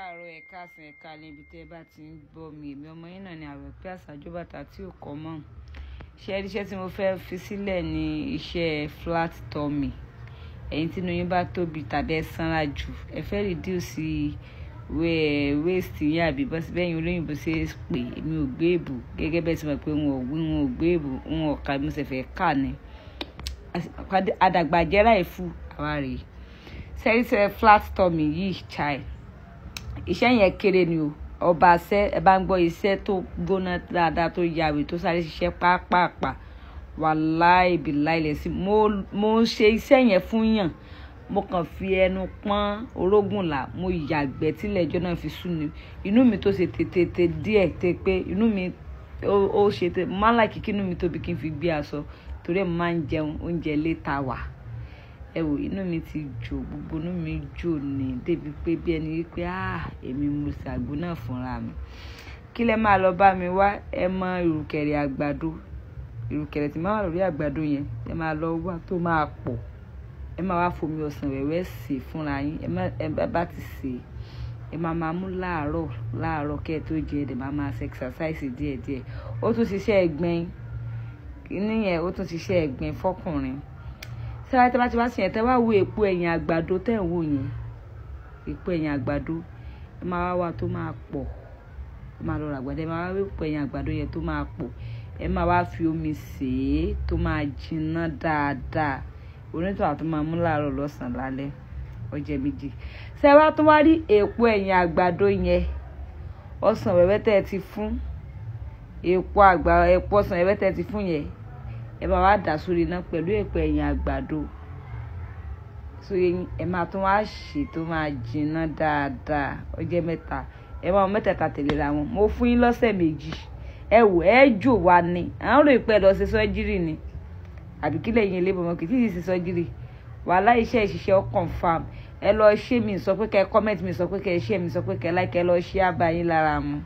káàárọ̀ ẹ káàsán ẹ káalẹ́ ibi tẹ́ ẹ bá ti ń gbọ́ mi èmi ọmọ yín náà ni àwẹ̀ pé àṣàjò tí ò kọ́ mọ́ ṣé iṣẹ́ tí mo fẹ́ fi sílẹ̀ ni iṣẹ́ flat tummy ẹ̀yin tí inú yín bá tóbi tàbí ẹ sanra jù ẹ fẹ́ reduce waist yín àbí bọ́sí bẹ́yìn olóyìnbó ṣe pè èmi ò gbé èbù gẹ́gẹ́ bẹ́ẹ̀ ti mọ̀ pé wọn ò wọn ò gbé èbù wọn ò kà mo sì fẹ́ kà ni àdàgbàjẹ́ráìfù àwa rèé sẹ́rí sẹ́ flat tummy yìí chai iṣẹ́ yẹn kéré ni o ọba àṣẹ ẹ bá ń gbọ́ iṣẹ́ tó gbóná dáadáa tó yàwé tó sáré ṣiṣẹ́ pápápá wàláì bìláì lẹ́sìn mo ń ṣe iṣẹ́ yẹn fún yàn mo kàn fi ẹnu pọ́n orógùn mo yàgbẹ́ tílẹ̀ ẹjọ́ náà fi sùn ni inú mi tó ṣe tètè díẹ̀ tẹ pé inú mi ó ṣe tẹ máa láìkí kí inú mi tóbi kí n fi gbé aṣọ torí ẹ̀ máa ń jẹun oúnjẹ lé ta wà ẹ wò inú mi ti jò gbogbo inú mi jò ní débi pé bí ẹni wípé ah èmi mo ṣàgbo náà fúnra mi kí lẹ máa lọ bá mi wá ẹ mọ ìrùkẹ̀rẹ̀ àgbàdo ìrùkẹ̀rẹ̀ tí máa wà lórí àgbàdo yẹn ẹ máa lọ wá tó máa pọ̀ ẹ máa wá fomi ọsàn wẹ́wẹ́ sè fúnra yín ẹ bá ti sè ẹ máa máa mú láàárọ̀ láàárọ̀ kẹ́ ẹ tó jẹ ẹ dẹ̀ máa máa ṣe exercise díẹ̀díẹ̀ ó tún ṣiṣẹ́ ẹ̀gbin níyẹn ó tún ṣiṣẹ́ ẹ̀gbin fọ́kùnrin tí wọ́n bá ti wá sí yẹn tẹ́ wá wo èpo ẹ̀yìn àgbàdo tẹ́ ń wò yẹn èpo ẹ̀yìn àgbàdo ẹ máa wá wá tó máa pọ̀ ẹ máa lọ ra àgbàdo ẹ máa wá èpo ẹ̀yìn àgbàdo yẹn tó máa pọ̀ ẹ máa wá fi omi sè tó máa jiná dáadáa onítọ̀ àti máa mú láàárọ̀ lọ́sàn-án lálẹ́ ọjẹ́ méjì ṣé wá tó wá rí èpo ẹ̀yìn àgbàdo yẹn ọsàn wẹ́wẹ́ tẹ́ ẹ ti fún èpo àgbà èpo ọsàn wẹ́wẹ́ tẹ́ ẹ ti fún yẹn ẹ máa wá dà sórí iná pẹ̀lú èèpẹ̀ ẹ̀yìn àgbàdo sórí yín ẹ máa tún wá ṣe tó máa jinná dáadáa ọjọ́ mẹ́ta ẹ máa mẹ́tẹ̀ẹ̀ta tẹ̀lé ra wọn mo fún yín lọ́sẹ̀ méjì ẹ wò ẹ jò wá ni àwọn rò pé ẹ lọ ṣe sọ́jírì ni àbí kílẹ̀ yín ilé bọ̀mọ̀ kì í ṣe sọ́jírì wàhálà iṣẹ́ ìṣiṣẹ́ ó confam ẹ lọ ṣé mi sọ pé kẹ́ comment mi sọ pé kẹ́ ṣé mi sọ pé kẹ́ like ẹ lọ ṣé àbáyín lára mu.